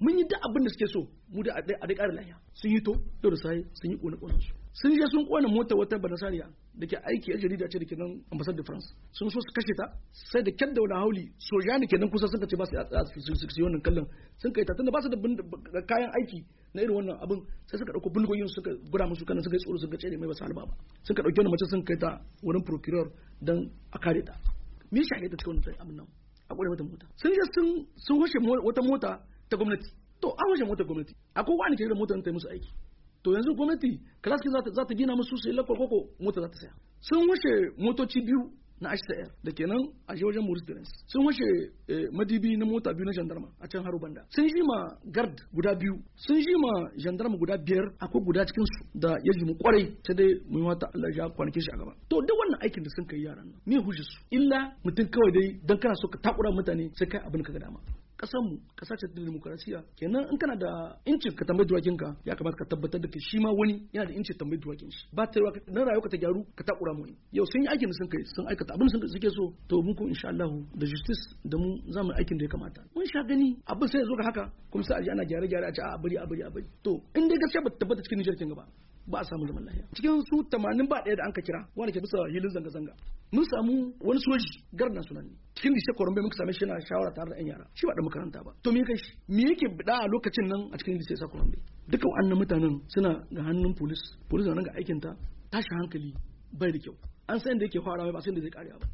mun yi duk abin da suke so mu da a dai ƙarin lahiya sun yi to da sai sun yi ƙone ƙonen su sun je sun ƙone mota wata banasariya da ke aiki a jarida ce da ke nan ambassade da france sun so su kashe ta sai da kyan da wani hauli ne ke nan kusa suka ce ba su su wannan kallon sun kai ta tunda ba su da kayan aiki na irin wannan abin sai suka ɗauko bulgoyin suka gura musu kanan suka yi tsoro suka ce mai ba su halba ba suka ɗauki wani mace sun kai ta wurin procureur don a kare ta me shi ta cikin wannan abin nan a ƙure wata mota sun je sun sun hushe wata mota ta gwamnati to an wajen motar gwamnati akwai wani ke da motar ta musu aiki to yanzu gwamnati class za ta gina musu sai lakwar koko mota za ta saya sun washe motoci biyu na HCR da kenan a shi wajen Maurice Dennis sun washe eh, madibi na mota biyu na gendarma a can Haro Banda sun shi ma gard guda biyu sun shi ma gendarma guda biyar akwai guda cikin su da ya mu kwarai ta dai mun wata Allah ya shi a gaba to duk wannan aikin da sun kai yaran nan me hujjar su illa mutum kawai dai dan kana so ka takura mutane sai kai abin ka ga dama kasan mu kasa ce da demokrasiya kenan in kana da incin ka tambayi duwakin ka ya kamata ka tabbatar da ke shi ma wani yana da incin tambayi duwakin shi ba ta na rayuwa ta gyaru ka takura mu yau sun yi aikin da sun kai sun aikata abin sun suke so to mun ko insha Allah da justice da mu za mu aikin da ya kamata mun sha gani abin sai ya zo ga haka kuma sai a ji ana gyare-gyare a ci a bari a bari a bari to in dai gaskiya ba ta tabbata cikin Nijar kin gaba ba a samu zaman lafiya cikin su 80 ba ɗaya da an ka kira wanda ke bisa yilin zanga zanga mun samu wani soji garnan sunan ne cikin dishe korombe muka same shi yana shawara tare da yan yara shi ba da makaranta ba to me kai shi me yake bida a lokacin nan a cikin dishe sa korombe duka wannan mutanen suna ga hannun polis polis na nan ga aikin ta tashi hankali bai da kyau an san da yake farawa ba san da zai kare ba